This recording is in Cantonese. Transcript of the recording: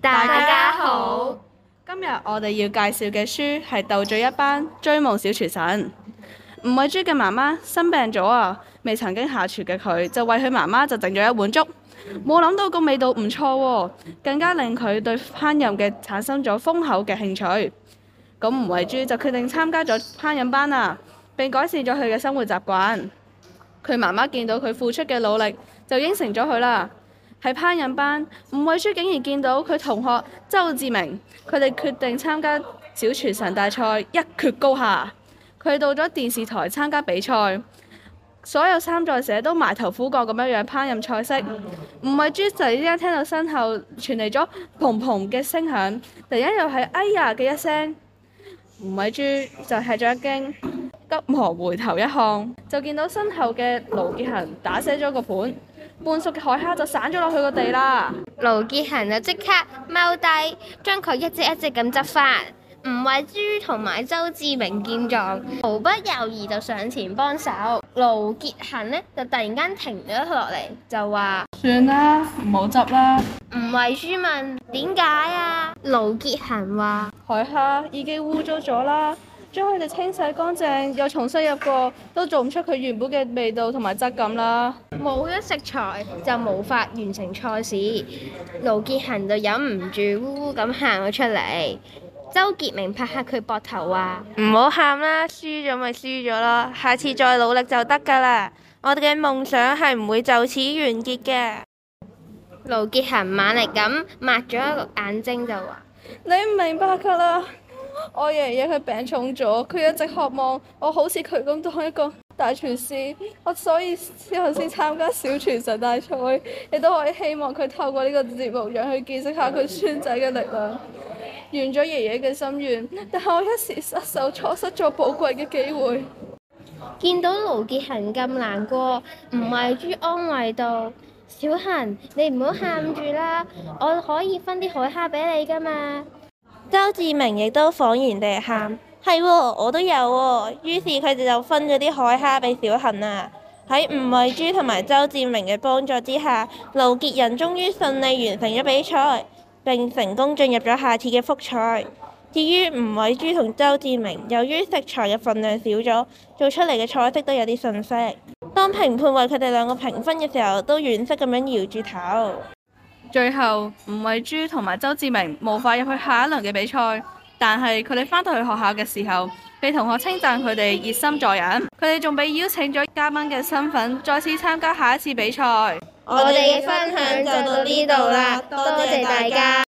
大家好，今日我哋要介紹嘅書係《鬥嘴一班追夢小廚神》。吳慧珠嘅媽媽生病咗啊，未曾經下廚嘅佢就為佢媽媽就整咗一碗粥，冇諗到個味道唔錯喎、哦，更加令佢對烹飪嘅產生咗豐厚嘅興趣。咁吳慧珠就決定參加咗烹飪班啦，並改善咗佢嘅生活習慣。佢媽媽見到佢付出嘅努力，就應承咗佢啦。喺烹飪班，吳慧珠竟然見到佢同學周志明，佢哋決定參加小廚神大賽一決高下。佢到咗電視台參加比賽，所有參賽者都埋頭苦幹咁樣樣烹飪菜式。吳慧珠突然之間聽到身後傳嚟咗砰砰嘅聲響，突然又係哎呀嘅一聲，吳慧珠就吃咗一驚，急忙回頭一看，就見到身後嘅盧傑恆打碎咗個盤。半熟嘅海蝦就散咗落去個地啦。盧傑恒就即刻踎低，將佢一隻一隻咁執翻。吳慧珠同埋周志明見狀，毫不猶豫就上前幫手。盧傑恒呢，就突然間停咗落嚟，就話：算啦，唔好執啦。唔係書問點解啊？盧傑恆話：海蝦已經污糟咗啦，將佢哋清洗乾淨又重新入過，都做唔出佢原本嘅味道同埋質感啦。冇咗食材就無法完成賽事。」盧傑恆就忍唔住，烏烏咁行咗出嚟。周杰明拍下佢膊頭話：唔好喊啦，輸咗咪輸咗咯，下次再努力就得㗎啦。我哋嘅夢想係唔會就此完結嘅。盧傑恆猛力咁抹咗一個眼睛就話：你唔明白噶啦，我爺爺佢病重咗，佢一直渴望我好似佢咁當一個大廚師。我所以先去參加小廚神大賽，亦都可以希望佢透過呢個節目讓佢見識下佢孫仔嘅力量，完咗爺爺嘅心願，但係我一時失手錯失咗寶貴嘅機會。見到盧傑恆咁難過，吳慧珠安慰道：小恒，你唔好喊住啦，我可以分啲海蝦俾你㗎嘛。周志明亦都謊言地喊：係喎、哦，我都有喎、哦。於是佢哋就分咗啲海蝦俾小恒啊。喺吳慧珠同埋周志明嘅幫助之下，盧傑恆終於順利完成咗比賽，並成功進入咗下次嘅復賽。至於吳偉珠同周志明，由於食材嘅份量少咗，做出嚟嘅菜式都有啲遜色。當評判為佢哋兩個評分嘅時候，都惋惜咁樣搖住頭。最後，吳偉珠同埋周志明無法入去下一輪嘅比賽，但係佢哋返到去學校嘅時候，被同學稱讚佢哋熱心助人。佢哋仲被邀請咗嘉賓嘅身份，再次參加下一次比賽。我哋嘅分享就到呢度啦，多謝大家。